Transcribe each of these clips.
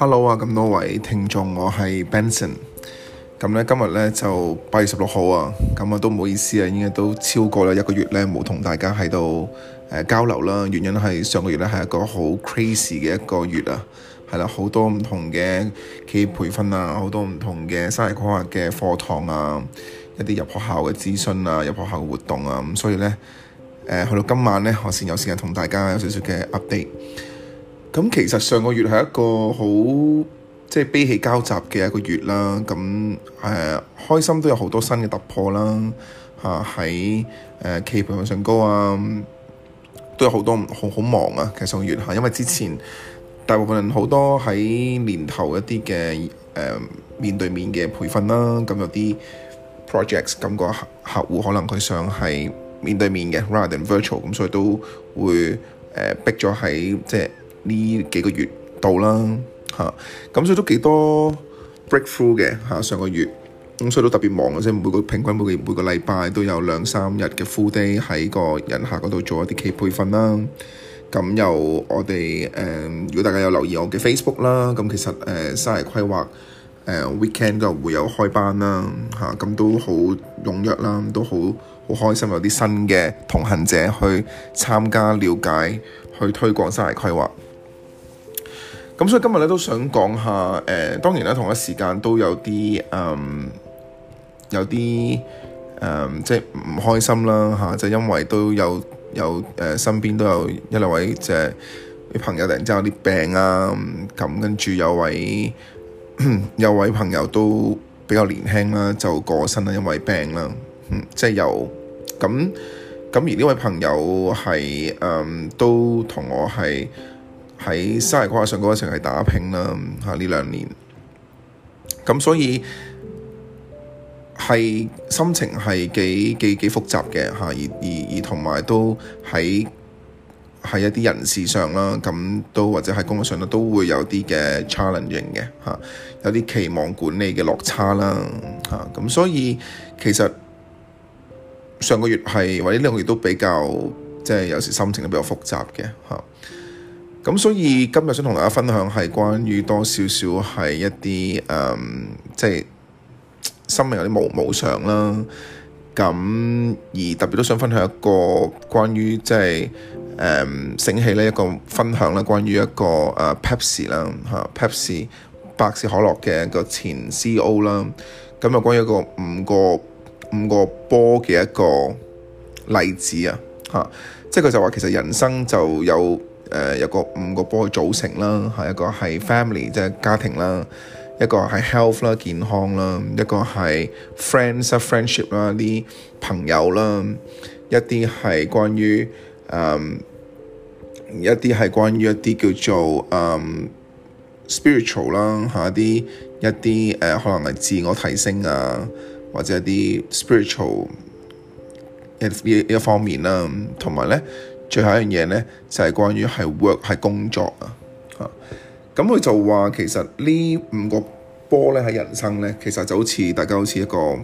Hello 啊，咁多位聽眾，我係 Benson。咁咧，今日咧就八月十六號啊。咁啊，都唔好意思啊，應該都超過啦一個月咧，冇同大家喺度誒交流啦。原因係上個月咧係一個好 crazy 嘅一個月啊，係啦，好多唔同嘅企業培訓啊，好多唔同嘅生日規劃嘅課堂啊，一啲入學校嘅諮詢啊，入學校嘅活動啊。咁所以咧，誒，去到今晚咧，我先有時間同大家有少少嘅 update。咁其實上個月係一個好即係悲喜交集嘅一個月啦。咁誒、呃，開心都有好多新嘅突破啦。嚇喺誒，企業培訓上高啊、嗯，都有好多好好忙啊。其實上個月嚇，因為之前大部分人好多喺年頭一啲嘅誒面對面嘅培訓啦，咁有啲 projects，咁個客客戶可能佢想係面對面嘅，rather than virtual，咁所以都會誒、呃、逼咗喺、呃、即係。呢幾個月到啦嚇，咁所以都幾多 breakthrough 嘅嚇。上個月咁所以都特別忙嘅，即每個平均每個每個禮拜都有兩三日嘅 full day 喺個人客嗰度做一啲企業培訓啦。咁又我哋誒，如果大家有留意我嘅 Facebook 啦，咁其實誒生涯規劃誒 weekend 就會有開班啦嚇，咁都好踴躍啦，都好好開心有啲新嘅同行者去參加、了解、去推廣生涯規劃。.咁所以今日呢都想講下，誒、呃、當然呢同一時間都有啲嗯，有啲誒、嗯、即係唔開心啦嚇，即因為都有有誒、呃、身邊都有一兩位即係啲朋友突然之間有啲病啊咁、嗯，跟住有位有位朋友都比較年輕啦，就過身啦，因為病啦、嗯，即係有咁咁而呢位朋友係嗯都同我係。喺生意、啊啊、工作上嗰一程係打拼啦，嚇呢兩年，咁所以係心情係幾幾幾複雜嘅嚇，而而而同埋都喺喺一啲人事上啦，咁都或者喺工作上都都會有啲嘅 challenge 嘅嚇、啊，有啲期望管理嘅落差啦嚇，咁、啊啊啊、所以其實上個月係或者呢個月都比較即係有時心情都比較複雜嘅嚇。啊咁所以今日想同大家分享係關於多少少係一啲誒、嗯，即係生命有啲無無常啦。咁而特別都想分享一個關於即係誒醒起呢一個分享啦、啊 Pepsi、啦，關於一個誒 Pepsi 啦吓 Pepsi 百事可樂嘅一個前 C.O. 啦。咁、嗯、啊，關於一個五個五個波嘅一個例子啊吓，即係佢就話，其實人生就有。誒、呃、有個五個波組成啦，係一個係 family，即係家庭啦，一個係 health，啦健康啦，一個係 friends 啊 friendship 啦啲朋友啦，一啲係關於誒、嗯，一啲係關於一啲叫做誒、嗯、spiritual 啦嚇啲、啊、一啲誒、呃、可能係自我提升啊，或者一啲 spiritual 一一一方面啦，同埋咧。最後一樣嘢咧，就係、是、關於係 work 係工作啊嚇。咁佢就話其實呢五個波咧喺人生咧，其實就好似大家好似一個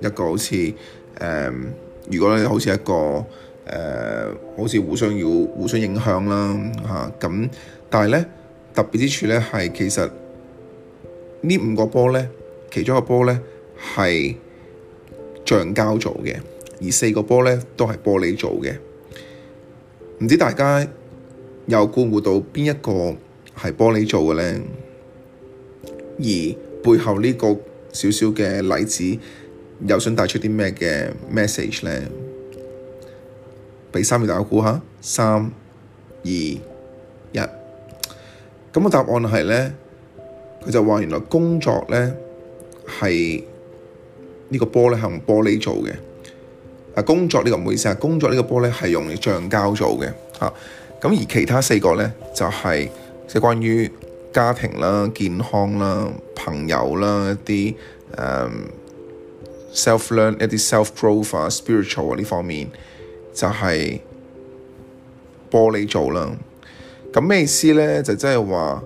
一個好似誒、嗯，如果你好似一個誒、呃，好似互相要互相影響啦嚇。咁、啊、但係咧特別之處咧係其實呢五個波咧，其中一個波咧係橡膠做嘅，而四個波咧都係玻璃做嘅。唔知大家又估唔估到邊一個係玻璃做嘅咧？而背後呢個小小嘅例子，又想帶出啲咩嘅 message 咧？畀三秒大家估下，三、二、一，咁個答案係咧？佢就話：原來工作咧係呢個玻璃係用玻璃做嘅。工作呢、這個唔好意思啊，工作呢個波咧，係用嚟橡膠做嘅吓，咁、啊、而其他四個咧就係即係關於家庭啦、健康啦、朋友啦一啲誒、嗯、self learn 一啲 self growth 啊、spiritual 啊呢方面就係、是、玻璃做啦。咁咩意思咧？就即係話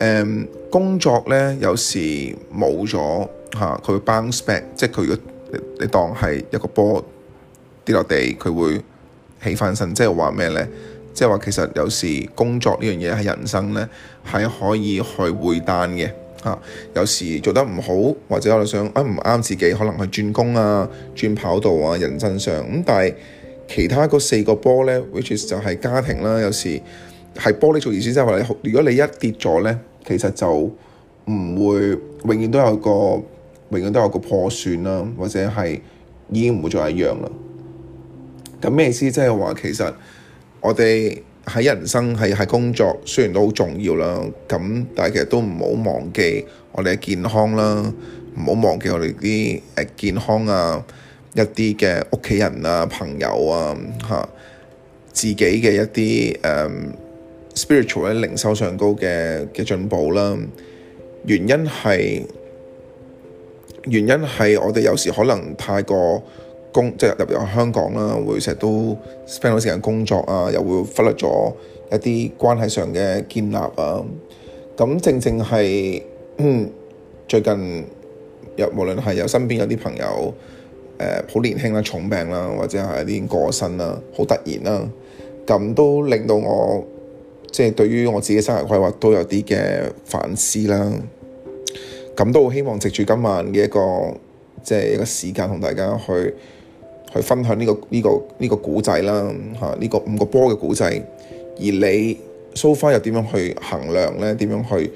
誒工作咧有時冇咗吓佢、啊、bounce back，即係佢如果你當係一個波。跌落地佢會起翻身，即係話咩咧？即係話其實有時工作呢樣嘢係人生咧，係可以去回彈嘅嚇。有時做得唔好，或者我哋想誒唔啱自己，可能去轉工啊、轉跑道啊、人生上咁、嗯。但係其他嗰四個波咧，which is 就係家庭啦。有時係玻璃做意思，即係話，如果你一跌咗咧，其實就唔會永遠都有個永遠都有個破損啦，或者係已經唔會再一樣啦。咁咩意思？即係話，其實我哋喺人生、喺喺工作，雖然都好重要啦，咁但係其實都唔好忘記我哋嘅健康啦，唔好忘記我哋啲誒健康啊，一啲嘅屋企人啊、朋友啊，吓自己嘅一啲誒、um, spiritual 咧靈修上高嘅嘅進步啦。原因係原因係我哋有時可能太過。工即係入入香港啦，會成日都 spend 好多時間工作啊，又會忽略咗一啲關係上嘅建立啊。咁正正係，嗯，最近有無論係有身邊有啲朋友，誒、呃、好年輕啦、重病啦，或者係啲過身啦，好突然啦，咁、啊、都令到我即係、就是、對於我自己生涯規劃都有啲嘅反思啦。咁、啊、都好希望藉住今晚嘅一個即係、就是、一個時間同大家去。去分享呢個呢個呢個古仔啦，嚇，呢個五個波嘅古仔。而你 so far 又點樣去衡量咧？點樣去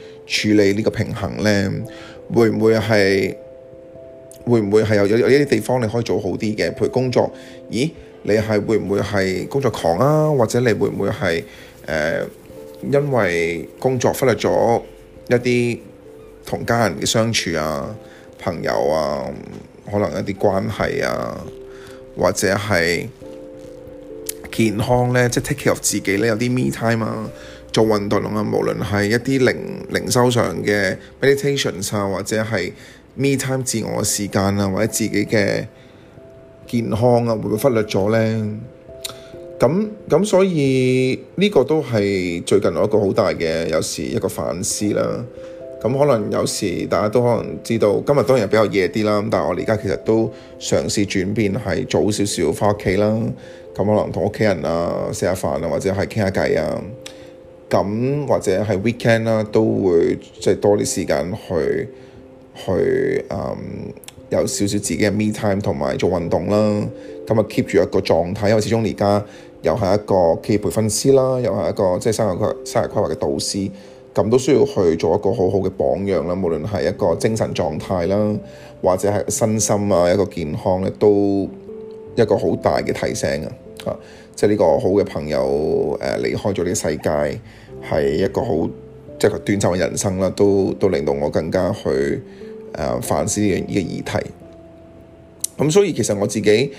處理呢個平衡咧？會唔會係會唔會係有有有呢啲地方你可以做好啲嘅？譬如工作，咦，你係會唔會係工作狂啊？或者你會唔會係誒、呃、因為工作忽略咗一啲同家人嘅相處啊、朋友啊、可能一啲關係啊？或者係健康咧，即係 take care of 自己咧，有啲 me time 啊，做運動啊，無論係一啲零零收上嘅 meditation 啊，或者係 me time 自我嘅時間啊，或者自己嘅健康啊，會唔會忽略咗咧？咁咁，所以呢個都係最近我一個好大嘅，有時一個反思啦。咁可能有時大家都可能知道，今日當然比較夜啲啦。但係我哋而家其實都嘗試轉變，係早少少返屋企啦。咁可能同屋企人啊食下飯啊，或者係傾下偈啊。咁、嗯、或者喺 weekend 啦、啊，都會即係、就是、多啲時間去去誒、嗯，有少少自己嘅 me time 同埋做運動啦。咁啊 keep 住一個狀態，因為始終你而家又係一個企業培訓師啦，又係一個即係、就是、生涯規生涯規劃嘅導師。咁都需要去做一個好好嘅榜樣啦，無論係一個精神狀態啦，或者係身心啊，一個健康咧，都一個好大嘅提升啊！即係呢個好嘅朋友誒離、呃、開咗呢個世界，係一個好即係短暫嘅人生啦，都都令到我更加去誒、呃、反思呢樣呢個議題。咁、啊、所以其實我自己。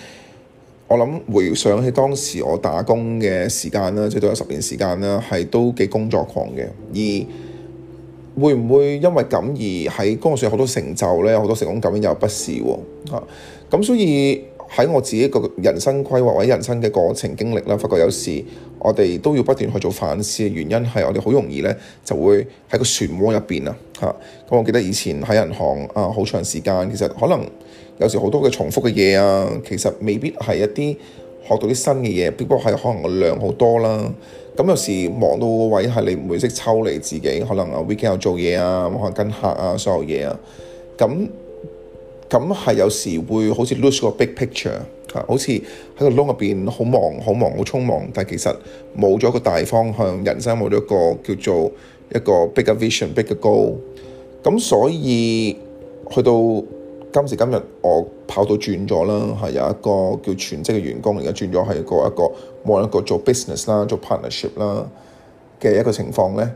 我諗，回想起當時我打工嘅時間啦，最、就、多、是、有十年時間啦，係都幾工作狂嘅。而會唔會因為咁而喺工作上有好多成就呢？有好多成功咁樣又不是喎。吓、啊、咁，所以喺我自己個人生規劃或者人生嘅過程經歷啦，發覺有時我哋都要不斷去做反思嘅原因係我哋好容易呢就會喺個漩渦入邊啊。吓咁，我記得以前喺銀行啊好長時間，其實可能。有時好多嘅重複嘅嘢啊，其實未必係一啲學到啲新嘅嘢，不過係可能量好多啦。咁、嗯、有時忙到個位係你唔會識抽離自己，可能啊 weekend 又做嘢啊，可能跟客啊，所有嘢啊，咁咁係有時會好似 lose 個 big picture 啊，好似喺個窿入邊好忙好忙好匆忙，但係其實冇咗個大方向，人生冇咗一個叫做一個 bigger vision、bigger goal、嗯。咁所以去到今時今日，我跑道轉咗啦，係有一個叫全職嘅員工，而家轉咗係個一個望一個做 business 啦，做 partnership 啦嘅一個情況咧，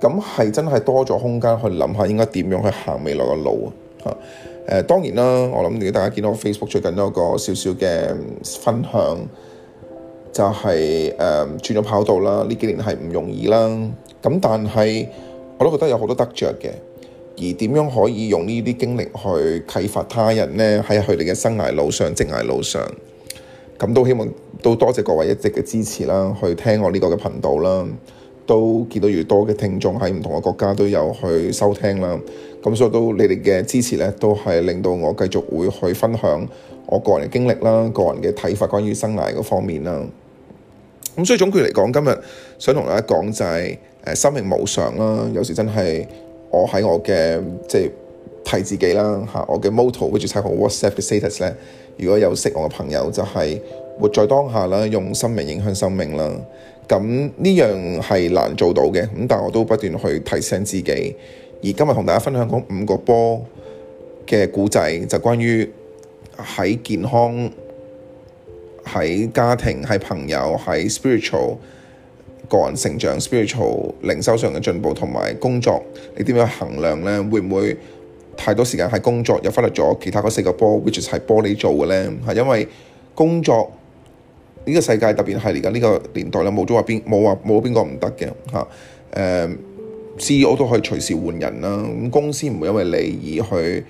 咁係真係多咗空間去諗下，應該點樣去行未來嘅路啊。誒、呃，當然啦，我諗啲大家見到 Facebook 最近都有個少少嘅分享，就係、是、誒、呃、轉咗跑道啦，呢幾年係唔容易啦，咁但係我都覺得有好多得着嘅。而點樣可以用呢啲經歷去啟發他人呢？喺佢哋嘅生涯路上、職涯路上，咁都希望都多謝各位一直嘅支持啦，去聽我呢個嘅頻道啦，都見到越多嘅聽眾喺唔同嘅國家都有去收聽啦。咁所以都你哋嘅支持呢，都係令到我繼續會去分享我個人嘅經歷啦、個人嘅睇法關於生涯嗰方面啦。咁所以總括嚟講，今日想同大家講就係、是、誒生命無常啦，有時真係～我喺我嘅即係睇自己啦嚇，我嘅 motto 會註冊個 WhatsApp 嘅 status 咧。如果有識我嘅朋友，就係活在當下啦，用生命影響生命啦。咁呢樣係難做到嘅，咁但我都不斷去提升自己。而今日同大家分享嗰五個波嘅古仔，就關於喺健康、喺家庭、喺朋友、喺 spiritual。個人成長、spiritual 靈修上嘅進步，同埋工作，你點樣衡量呢？會唔會太多時間喺工作，又忽略咗其他嗰四個波，which 係玻璃做嘅呢？係因為工作呢個世界特別係而家呢個年代咧，冇咗話邊冇話冇邊個唔得嘅嚇誒，CEO 都可以隨時換人啦。咁公司唔會因為你而去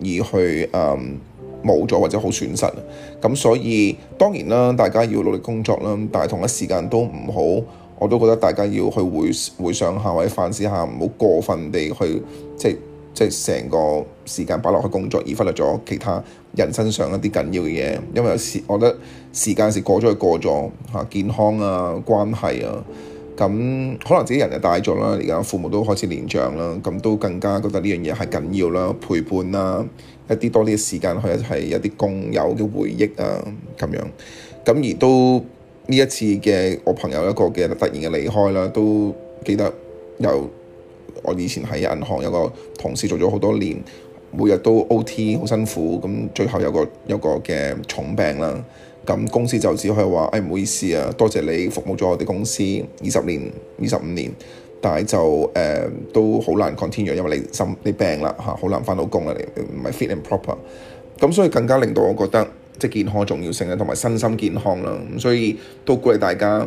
而去誒冇咗或者好損失。咁所以當然啦，大家要努力工作啦，但係同一時間都唔好。我都覺得大家要去回回想下或者反思下，唔好過分地去即係即係成個時間擺落去工作，而忽略咗其他人身上一啲緊要嘅嘢。因為有時我覺得時間是過咗就過咗嚇、啊，健康啊、關係啊，咁、嗯、可能自己人就大咗啦，而家父母都開始年長啦，咁、嗯、都更加覺得呢樣嘢係緊要啦，陪伴啦、啊，一啲多啲嘅時間去一齊一啲共有嘅回憶啊咁樣，咁、嗯、而都。呢一次嘅我朋友一個嘅突然嘅離開啦，都記得由我以前喺銀行有個同事做咗好多年，每日都 OT 好辛苦，咁最後有個有個嘅重病啦，咁公司就只可以話，誒、哎、唔好意思啊，多謝你服務咗我哋公司二十年、二十五年，但係就誒、呃、都好難 continue，因為你心你病啦嚇，好難返到工啦，你唔係 fit and proper，咁所以更加令到我覺得。即係健康重要性啦，同埋身心健康啦，咁所以都鼓勵大家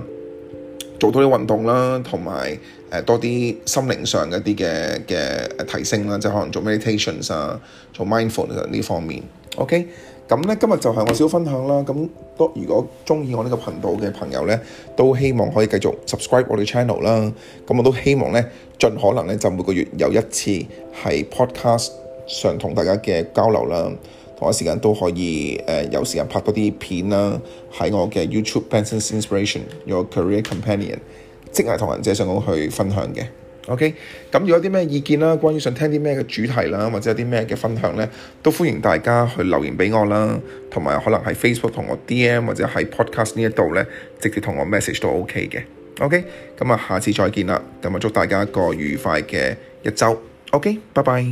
做多啲運動啦，同埋誒多啲心靈上一啲嘅嘅提升啦，即係可能做 meditations 啊，做 mindfulness 呢方面。OK，咁咧今日就係我少分享啦。咁都如果中意我呢個頻道嘅朋友咧，都希望可以繼續 subscribe 我哋 channel 啦。咁我都希望咧，盡可能咧就每個月有一次係 podcast 上同大家嘅交流啦。我時間都可以誒、呃，有時間拍多啲片啦、啊，喺我嘅 YouTube Benson Inspiration Your Career Companion，即係同人借上我去分享嘅。OK，咁有啲咩意見啦、啊，關於想聽啲咩嘅主題啦、啊，或者有啲咩嘅分享呢？都歡迎大家去留言俾我啦，同埋可能喺 Facebook 同我 DM 或者喺 Podcast 呢一度呢，直接同我 message 都 OK 嘅。OK，咁啊，下次再見啦，咁啊，祝大家一個愉快嘅一周。OK，拜拜。